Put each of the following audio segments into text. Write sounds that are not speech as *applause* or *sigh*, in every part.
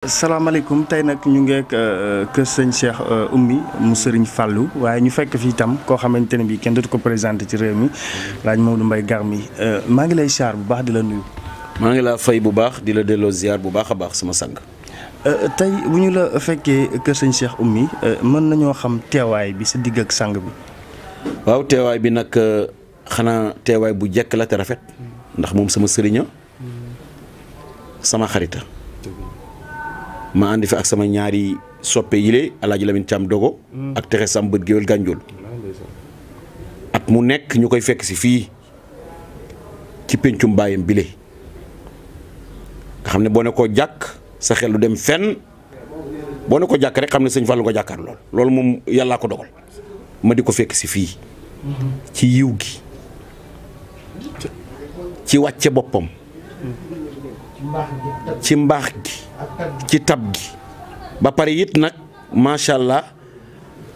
salaamaaleykum tey nag ñu ngi ak euh, kër sëñ Cheikh euh, Oumy mu sëriñ fàllu waaye ñu fekk fii itam koo xamante ne bii kenn dootu ko présenté ci réew mi laaj Maodo Mbaye Garmi euh, maa ngi lay siyaar bu baax di la nuyu. maa ngi laa fay bu baax di la delloo ziar bu baax a baax sama sang. tey bu ñu la fekkee kër sëñ Cheikh Oumy mën nañoo xam teewaay bi sa digg ak sang bi. waaw teewaay bi nag xanaa teewaay bu jekk la te rafet ndax moom sama sëriña sama xarita ma ànd fi ak sama ñaari soppe yile Alaaji Lamine Thiam Dogo mm. ak Texe Sam bët géwél gànjool at mu nekk ñu koy fekk si fii ci péncum baayam bile nga xam ne boo ne koo jàkk sa xel lu dem fenn boo ne ko jàkk rek xam ne sëñ Fallou ko jàkkaar lool loolu moom yàllaa ko dogal ma di ko fekk si fii mm-hmm. ci yiw gi ci wàcce boppam ci mbaax gi ci tab gi ba pare yit nag macha allah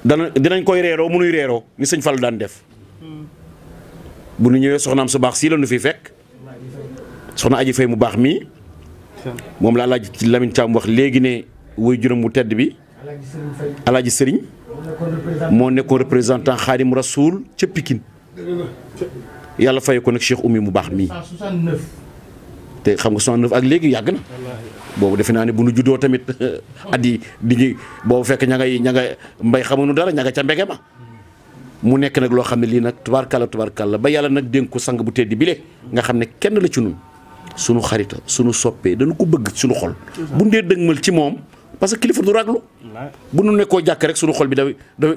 dana dinañ koy reeroo nuy reeroo ni sëñ fal daan def bu nu ñëwee soxnaam su baax sii la nu fi fekk soxna aji fay mu baax mii moom la alaaji Lamine mu wax léegi ne woy juróom bu tedd bi alaaji sëriñ moo nekkoon représentant xaadim rasoul ca Pikine yàlla fay ko nag Cheikh Oumy mu baax mii te xam nga 69 ak léegi yàgg na boobu defe naa ne bu nu juddoo tamit *laughs* at yi di ngi boobu fekk ña ngay ña nga nu dara ña ca mbege ma mu nekk nag loo xam ne lii nag kalla tubaarkàlla tubaarkàlla ba yàlla nag dénk ko sang bu tedd bile nga xam ne kenn la ci nun sunu xarita sunu soppee dañu ko bëgg sunu xol bu ndee dëgmal ci moom parce que kilifa du raglu bu nu nekkoo jàkk rek sunu xol bi day day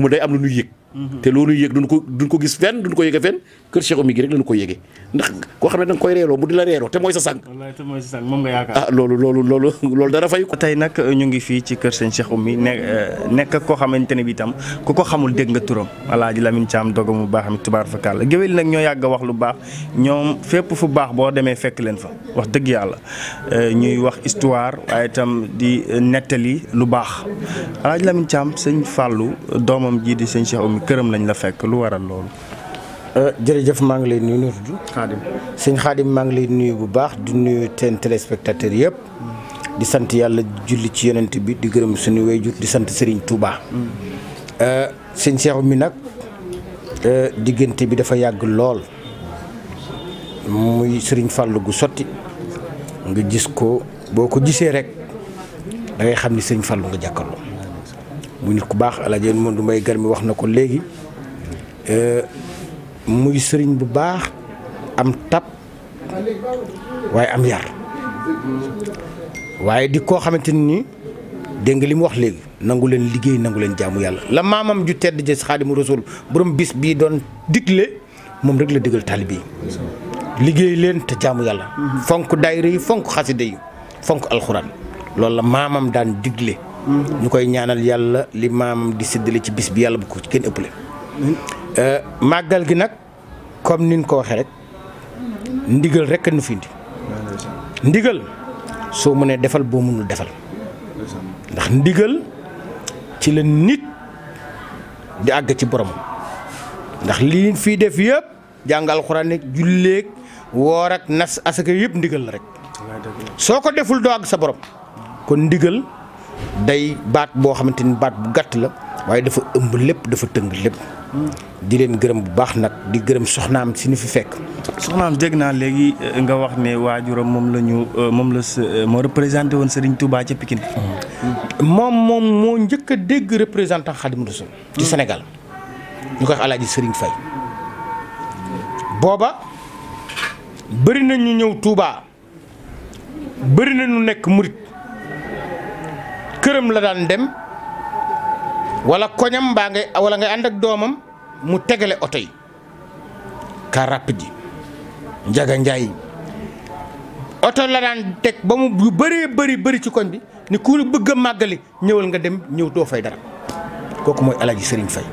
mu day am lu ñuy yëg Mm-hmm. te loolu yëg duñ ko duñ ko gis fenn duñ ko yëge fenn kër Cheikh Oumy gi rek lañ ko yëge ndax koo xam ne danga koy reeloo mu di la reeloo te mooy sa sang. wallaay ah, loolu loolu loolu dara fay ko. tey nag euh, ñu ngi fii ci kër sëñ Cheikh Oumy ne euh, nekk koo xamante ne bi tam ku ko xamul dégg nga turam Alaaji Lamine Thiam dogo mu baax mi tubaar fa la géwél nag ñoo yàgg wax lu baax ñoom fépp fu baax boo demee fekk leen fa wax dëgg yàlla euh, ñuy wax istuwaar waaye itam di nettali lu baax Alaaji Lamine Thiam sëñ Fallou doomam ji di sëñ Cheikh tamit këram lañ la fekk lu war a loolu. Euh, jërëjëf maa ngi lay nuyu noo tudd. Xaadim sëñ Xaadim maa ngi lay nuyu bu baax di nuyu teen téléspectateur yëpp. di sant yàlla julli ci yonent bi di gërëm suñu wayjur di sant Serigne Touba. Mm. Euh, sëñ Seexu mi nag euh, diggante bi dafa yàgg lool muy sëriñ Fallou gu sotti nga gis ko boo ko gisee rek da xam ni Serigne Fallou nga jàkkaarloo. mu nit ku baax alaaji Modou Mbaye Garmi wax na ko léegi eh, muy sëriñ bu baax am tab waaye am yar waaye di koo xamante ni dégg nga li mu wax léegi nangu leen liggéey nangu leen jaamu yàlla la maamam ju tedd jës xaadimu rasul borom bis bii doon digle moom rek la digal taalibe yi liggéey leen te jaamu yàlla mhm. fonk daayira yi fonk xasida yi fonk alxuraan loolu la maamam daan digle Mm-hmm. ñu koy ñaanal yàlla li maam di séddale ci bis bi yàlla bu ko kenn ëppale mm-hmm. euh, màggal gi nag comme niñ ko waxee rek ndigal rek nu fi indi ndigal soo mënee defal boo mënul defal ndax ndigal ci la nit di àgg ci borom ndax lii fii def yëpp jàngal alxuraan ak julleek woor ak nas asaka yëpp ndigal la rek soo ko deful doo àgg sa borom kon ndigal day baat boo xamante ni baat bu gàtt la waaye dafa ëmb lépp dafa tëng lépp. di leen gërëm bu baax nag di gërëm soxnaam si ni fi fekk. soxnaam dégg naa léegi euh, nga wax ne waajuram moom la ñu euh, moom la euh, moo représenté woon Serigne Touba ca pikin mm-hmm. moom moom moo njëkk a dégg représentant Khadim Rassoul ci mm-hmm. senegal ñu koy wax Alaaji Serigne Faye booba bëri na ñu ñëw Touba bëri na ñu nekk murit këram la daan dem wala koñam baa ngay wala ngay ànd ak doomam mu tegale oto yi car rapide njaga njaay oto la daan teg ba mu yu bëree bëri bëri ci koñ bi ni ku bëgg a màggali ñëwal nga dem ñëw doo fay dara kooku mooy alaaji sëriñ fay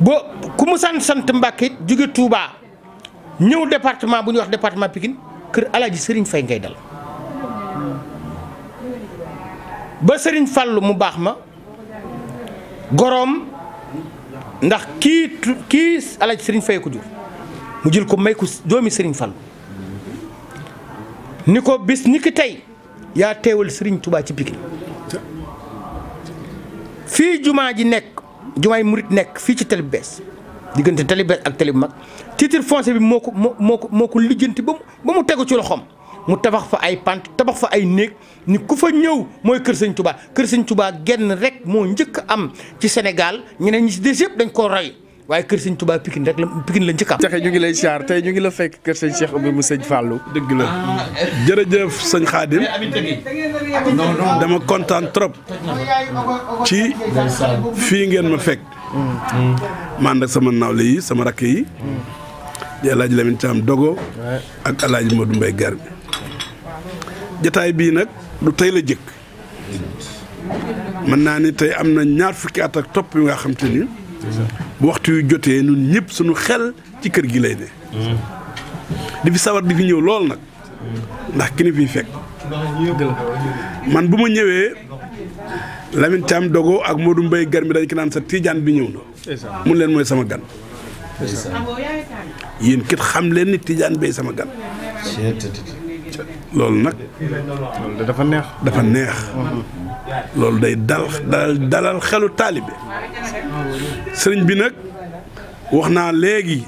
boo ku mu sant sant Mbàkke it jóge Touba ñëw département bu ñuy wax département Pikine kër alaaji sëriñ fay ngay dal ba sëriñ fal mu baax ma gorom ndax kii kii alaaj sëriñ fay ko jur mu jël ko may ko doomi sëriñ fàllu ni ko bis ni ki tey yaa teewal sëriñ tubaa ci Pikine fii jumaa ji nekk jumaay murit nekk fii ci tali bu bees diggante tali bu bees ak tali bu mag titre foncier bi moo ko moo ko moo ko lijjanti ba mu tegu ci loxoom mu tabax fa ay pant tabax fa ay néeg ni ku fa ñëw mooy kër sëñ tubaa kër sëñ Touba genn rek moo njëkk am ci Sénégal ñeneen ñi ci des yëpp dañ koo roy waaye kër sañ Touba Pikine rek la Pikine la njëkk am. ñu ngi lay siyaar ñu ngi la fekk kër sëñ Cheikh Oumy mu sëñ Fallou. dëgg la jërëjëf dama kontaan trop ci fii ngeen ma fekk. ma ak sama nawle yi sama rakk yi. di El Hadj Lamine Thiam Dogo. ak El Hadj Modou Mbaye Garmi jataay bii nag du tey la jëkk mën naa ni tey am na ñaar fukki at ak topp yu nga xam te ni bu waxtu yu jotee ñun ñëpp suñu xel ci kër gi lay ne di fi sawar ñëw lool nag ndax ki ni fiy fekk man bu ma ñëwee Lamine Thiam Dogo ak Modou Mbaye gar mi dañ ko naan sa tiijaan bi ñëw na mun leen mooy sama gan yéen kit xam leen ni tiijaan bay sama gan loolu nag. loolu dafa neex. dafa neex. loolu day dal dalal xelu taalibe sëriñ bi nag wax naa léegi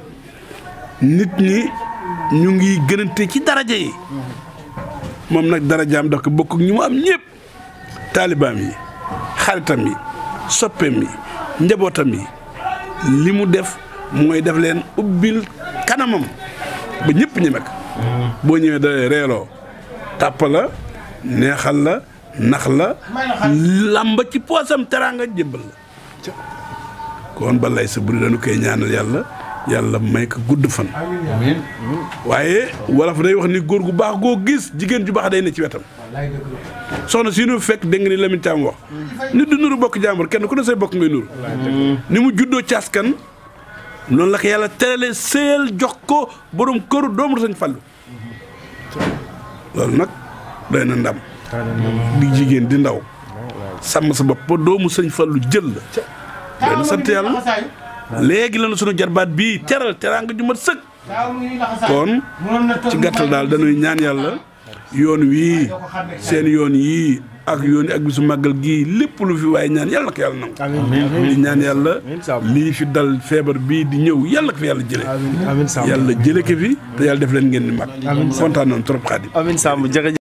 nit ñi ñu ngi gënante ci daraja yi moom nag darajaam daf ko bokk ñu mu am ñépp taalibaam yi xaritam yi soppeem yi njabootam yi li mu def mooy def leen ubbil kanamam ba ñëpp ñemek boo ñëwee da reeloo tàpp la neexal la nax la làmb ci poosam teraanga jébbal la kon balay sa buri dañu koy ñaanal yàlla yàlla may ko gudd fan waaye wolof day wax ni góor gu baax goo gis jigéen ju baax day ne ci wetam soxna si nu fekk dégg nga ni Lamine wax nit du nuru bokk jàmbur kenn ku ne say bokk ngay nuru mm. ni mu juddoo caaskan noonu la ko yàlla terale sëyal jox ko boroom këru doomu sañ fallu loolu nag doy na ndam di jigéen di ndaw sàmm sa bopp ba doomu sëñ fa lu jël la doy na sant yàlla léegi la na sunu jarbaat bii teral teraanga ju mat sëkk kon ci gàttal daal dañuy ñaan yàlla yoon wii seen yoon yii ak yoon ak bisu màggal gii lépp lu fi waaye ñaan yàlla ko yàlla nangu di ñaan yàlla lii fi dal feebar bii di ñëw yàlla ko fi yàlla jële yàlla jële ko fi te yàlla def leen ngeen di mag kontaan noonu trop xaadim